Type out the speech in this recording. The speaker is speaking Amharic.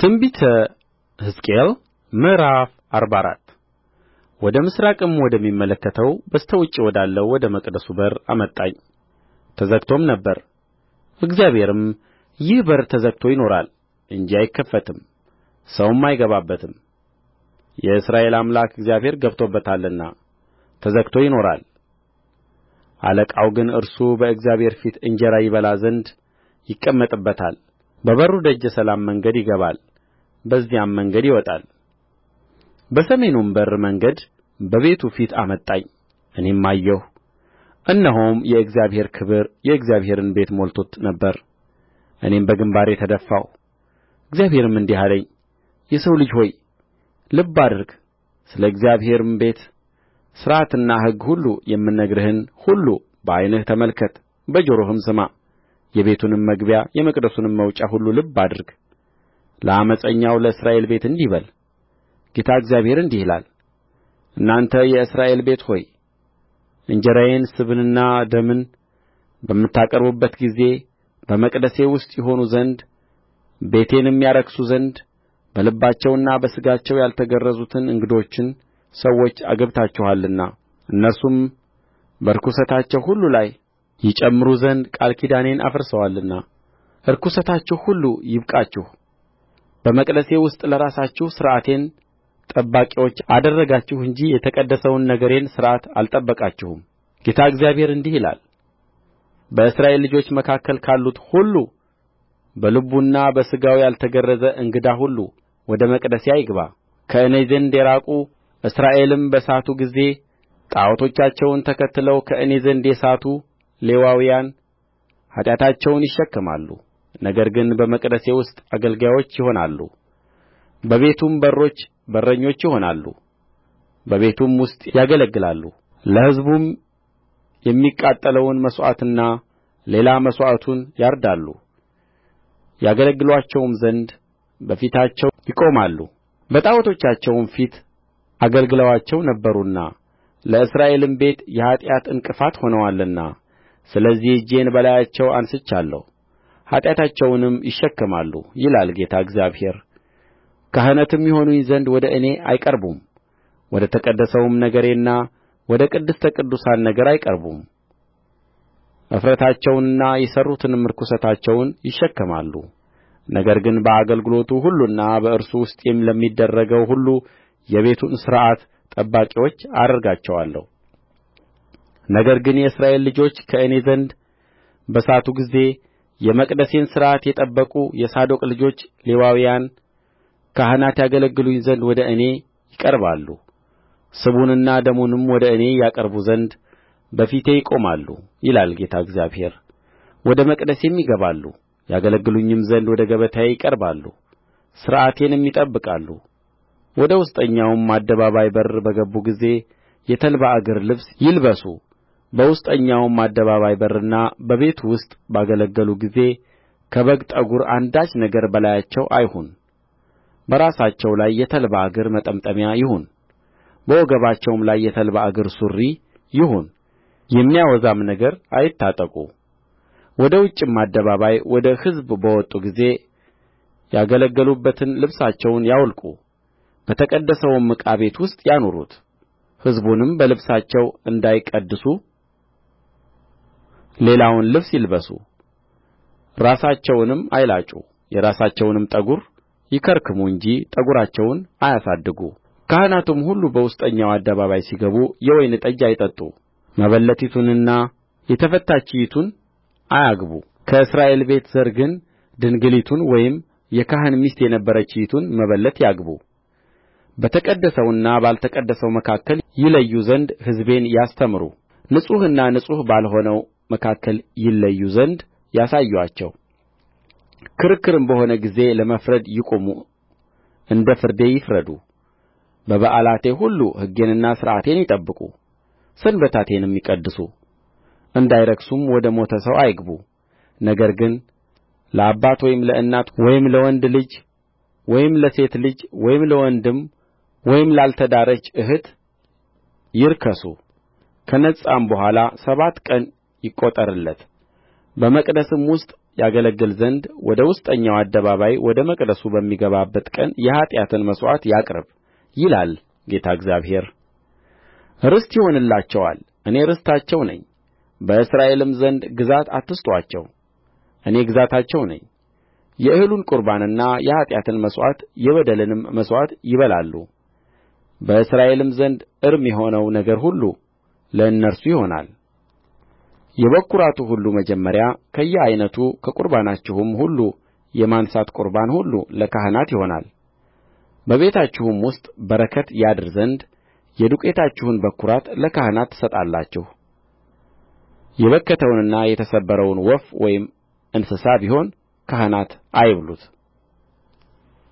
ትንቢተ ሕዝቅኤል ምዕራፍ አርባ አራት ወደ ምሥራቅም ወደሚመለከተው በስተ ውጭ ወዳለው ወደ መቅደሱ በር አመጣኝ ተዘግቶም ነበር እግዚአብሔርም ይህ በር ተዘግቶ ይኖራል እንጂ አይከፈትም ሰውም አይገባበትም የእስራኤል አምላክ እግዚአብሔር ገብቶበታልና ተዘግቶ ይኖራል አለቃው ግን እርሱ በእግዚአብሔር ፊት እንጀራ ይበላ ዘንድ ይቀመጥበታል በበሩ ደጀ ሰላም መንገድ ይገባል በዚያም መንገድ ይወጣል በሰሜኑም በር መንገድ በቤቱ ፊት አመጣኝ እኔም አየሁ እነሆም የእግዚአብሔር ክብር የእግዚአብሔርን ቤት ሞልቶት ነበር እኔም በግምባሬ ተደፋሁ እግዚአብሔርም እንዲህ አለኝ የሰው ልጅ ሆይ ልብ አድርግ ስለ እግዚአብሔርም ቤት ሥርዓትና ሕግ ሁሉ የምነግርህን ሁሉ በዓይንህ ተመልከት በጆሮህም ስማ የቤቱንም መግቢያ የመቅደሱንም መውጫ ሁሉ ልብ አድርግ ለዓመፀኛው ለእስራኤል ቤት እንዲህ በል ጌታ እግዚአብሔር እንዲህ ይላል እናንተ የእስራኤል ቤት ሆይ እንጀራዬን ስብንና ደምን በምታቀርቡበት ጊዜ በመቅደሴ ውስጥ ይሆኑ ዘንድ ቤቴንም ያረክሱ ዘንድ በልባቸውና በሥጋቸው ያልተገረዙትን እንግዶችን ሰዎች አግብታችኋልና እነርሱም በርኵሰታቸው ሁሉ ላይ ይጨምሩ ዘንድ ቃል ኪዳኔን አፍርሰዋልና ርኵሰታችሁ ሁሉ ይብቃችሁ በመቅደሴ ውስጥ ለራሳችሁ ሥርዓቴን ጠባቂዎች አደረጋችሁ እንጂ የተቀደሰውን ነገሬን ሥርዓት አልጠበቃችሁም ጌታ እግዚአብሔር እንዲህ ይላል በእስራኤል ልጆች መካከል ካሉት ሁሉ በልቡና በሥጋው ያልተገረዘ እንግዳ ሁሉ ወደ መቅደሴ አይግባ ከእኔ ዘንድ የራቁ እስራኤልም በሳቱ ጊዜ ጣዖቶቻቸውን ተከትለው ከእኔ ዘንድ የሳቱ ሌዋውያን ኃጢአታቸውን ይሸከማሉ ነገር ግን በመቅደሴ ውስጥ አገልጋዮች ይሆናሉ በቤቱም በሮች በረኞች ይሆናሉ በቤቱም ውስጥ ያገለግላሉ ለሕዝቡም የሚቃጠለውን መሥዋዕትና ሌላ መሥዋዕቱን ያርዳሉ ያገለግሉአቸውም ዘንድ በፊታቸው ይቆማሉ በጣዖቶቻቸውም ፊት አገልግለዋቸው ነበሩና ለእስራኤልም ቤት የኃጢአት ዕንቅፋት ሆነዋልና ስለዚህ እጄን በላያቸው አንሥቻለሁ ኃጢአታቸውንም ይሸከማሉ ይላል ጌታ እግዚአብሔር ካህናትም ይሆኑኝ ዘንድ ወደ እኔ አይቀርቡም ወደ ተቀደሰውም ነገሬና ወደ ቅድስተ ቅዱሳን ነገር አይቀርቡም እፍረታቸውንና የሠሩትንም ርኵሰታቸውን ይሸከማሉ ነገር ግን በአገልግሎቱ ሁሉና በእርሱ ውስጥ ለሚደረገው ሁሉ የቤቱን ሥርዓት ጠባቂዎች አደርጋቸዋለሁ ነገር ግን የእስራኤል ልጆች ከእኔ ዘንድ በሳቱ ጊዜ የመቅደሴን ሥርዓት የጠበቁ የሳዶቅ ልጆች ሌዋውያን ካህናት ያገለግሉኝ ዘንድ ወደ እኔ ይቀርባሉ ስቡንና ደሙንም ወደ እኔ ያቀርቡ ዘንድ በፊቴ ይቆማሉ ይላል ጌታ እግዚአብሔር ወደ መቅደሴም ይገባሉ ያገለግሉኝም ዘንድ ወደ ገበታዬ ይቀርባሉ ሥርዓቴንም ይጠብቃሉ ወደ ውስጠኛውም አደባባይ በር በገቡ ጊዜ የተልባ እግር ልብስ ይልበሱ በውስጠኛውም አደባባይ በርና በቤቱ ውስጥ ባገለገሉ ጊዜ ከበግ ጠጕር አንዳች ነገር በላያቸው አይሁን በራሳቸው ላይ የተልባ እግር መጠምጠሚያ ይሁን በወገባቸውም ላይ የተልባ እግር ሱሪ ይሁን የሚያወዛም ነገር አይታጠቁ ወደ ውጭም አደባባይ ወደ ሕዝብ በወጡ ጊዜ ያገለገሉበትን ልብሳቸውን ያውልቁ በተቀደሰውም ዕቃ ቤት ውስጥ ያኑሩት ሕዝቡንም በልብሳቸው እንዳይቀድሱ ሌላውን ልብስ ይልበሱ ራሳቸውንም አይላጩ የራሳቸውንም ጠጕር ይከርክሙ እንጂ ጠጕራቸውን አያሳድጉ ካህናቱም ሁሉ በውስጠኛው አደባባይ ሲገቡ የወይን ጠጅ አይጠጡ መበለቲቱንና የተፈታችይቱን አያግቡ ከእስራኤል ቤት ዘር ግን ድንግሊቱን ወይም የካህን ሚስት የነበረችይቱን መበለት ያግቡ በተቀደሰውና ባልተቀደሰው መካከል ይለዩ ዘንድ ሕዝቤን ያስተምሩ ንጹሕና ንጹሕ ባልሆነው መካከል ይለዩ ዘንድ ያሳዩአቸው ክርክርም በሆነ ጊዜ ለመፍረድ ይቁሙ እንደ ፍርዴ ይፍረዱ በበዓላቴ ሁሉ ሕጌንና ሥርዓቴን ይጠብቁ ሰንበታቴንም ይቀድሱ እንዳይረክሱም ወደ ሞተ ሰው አይግቡ ነገር ግን ለአባት ወይም ለእናት ወይም ለወንድ ልጅ ወይም ለሴት ልጅ ወይም ለወንድም ወይም ላልተዳረች እህት ይርከሱ ከነጻም በኋላ ሰባት ቀን ይቈጠርለት በመቅደስም ውስጥ ያገለግል ዘንድ ወደ ውስጠኛው አደባባይ ወደ መቅደሱ በሚገባበት ቀን የኃጢአትን መሥዋዕት ያቅርብ ይላል ጌታ እግዚአብሔር ርስት ይሆንላቸዋል እኔ ርስታቸው ነኝ በእስራኤልም ዘንድ ግዛት አትስጡአቸው እኔ ግዛታቸው ነኝ የእህሉን ቍርባንና የኃጢአትን መሥዋዕት የበደልንም መሥዋዕት ይበላሉ በእስራኤልም ዘንድ እርም የሆነው ነገር ሁሉ ለእነርሱ ይሆናል የበኵራቱ ሁሉ መጀመሪያ ከየዓይነቱ ከቍርባናችሁም ሁሉ የማንሣት ቍርባን ሁሉ ለካህናት ይሆናል በቤታችሁም ውስጥ በረከት ያድር ዘንድ የዱቄታችሁን በኵራት ለካህናት ትሰጣላችሁ የበከተውንና የተሰበረውን ወፍ ወይም እንስሳ ቢሆን ካህናት አይብሉት